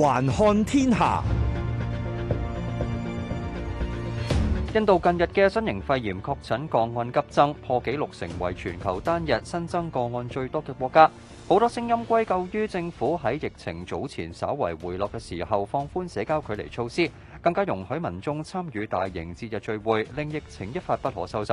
環看天下，印度近日嘅新型肺炎確診個案急增，破紀錄成為全球單日新增個案最多嘅國家。好多聲音歸咎於政府喺疫情早前稍為回落嘅時候放寬社交距離措施，更加容許民眾參與大型節日聚會，令疫情一發不可收拾。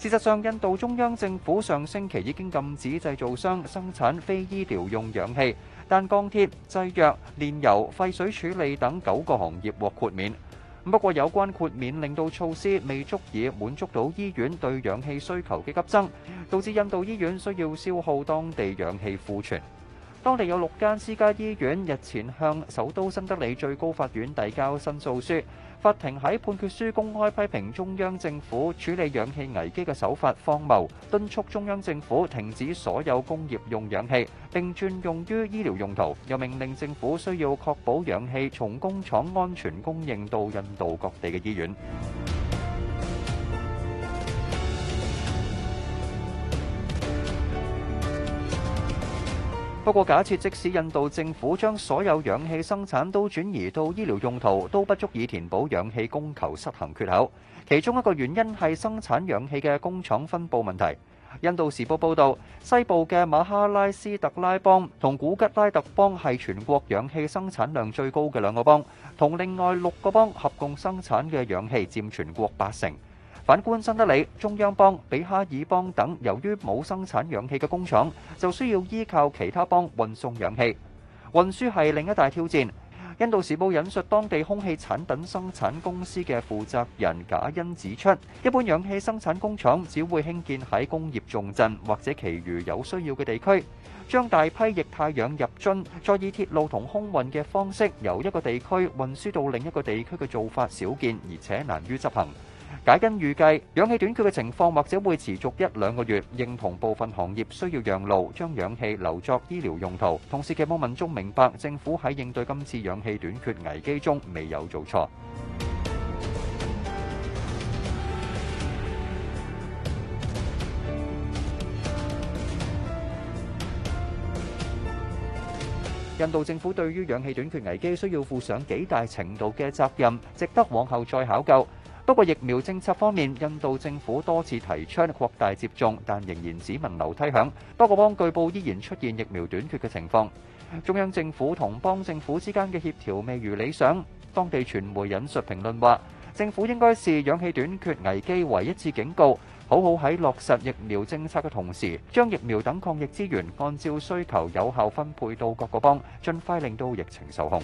事實上,印度中央政府上星期已經禁止製造商生產非醫療用氧氣,但鋼鐵、製藥、煉油、廢水處理等九個行業獲豁免。不過有關豁免令到措施未足以滿足到醫院對氧氣需求嘅急增,導致印度醫院需要消耗當地氧氣庫存。當地有六間私家醫院日前向首都新德里最高法院遞交申訴書。法庭喺判決書公開批評中央政府處理氧氣危機的手法荒謬，敦促中央政府停止所有工業用氧氣，並轉用於醫療用途，又命令政府需要確保氧氣從工廠安全供應到印度各地的醫院。不過假設即使印度政府將所有氧氣生產都轉移到醫療用途，都不足以填補氧氣供求失衡缺口，其中一個原因係生產氧氣嘅工廠分布問題。印度時報報道，西部嘅馬哈拉斯特拉邦同古吉拉特邦係全國氧氣生產量最高嘅兩個邦，同另外六個邦合共生產嘅氧氣佔全國八成。反觀新德里、中央邦、比哈爾邦等，由於冇生產氧氣嘅工廠，就需要依靠其他邦運送氧氣。運輸係另一大挑戰。印度時報引述當地空氣產等生產公司嘅負責人賈恩指出，一般氧氣生產工廠只會興建喺工業重鎮或者其餘有需要嘅地區，將大批液態氧入樽，再以鐵路和空運嘅方式由一個地區運輸到另一個地區嘅做法少見，而且難於執行。解跟預計，氧氣短缺嘅情況或者會持續一兩個月。認同部分行業需要讓路，將氧氣留作醫療用途。同時，期望民眾明白政府喺應對今次氧氣短缺危機中未有做錯。印度政府對於氧氣短缺危機需要負上幾大程度嘅責任，值得往後再考究。不過疫苗政策方面，印度政府多次提倡擴大接種，但仍然只聞樓梯響。多個邦據報依然出現疫苗短缺嘅情況，中央政府同邦政府之間嘅協調未如理想。當地傳媒引述評論話，政府應該視氧氣短缺危機為一次警告，好好喺落實疫苗政策嘅同時，將疫苗等抗疫資源按照需求有效分配到各個邦，盡快令到疫情受控。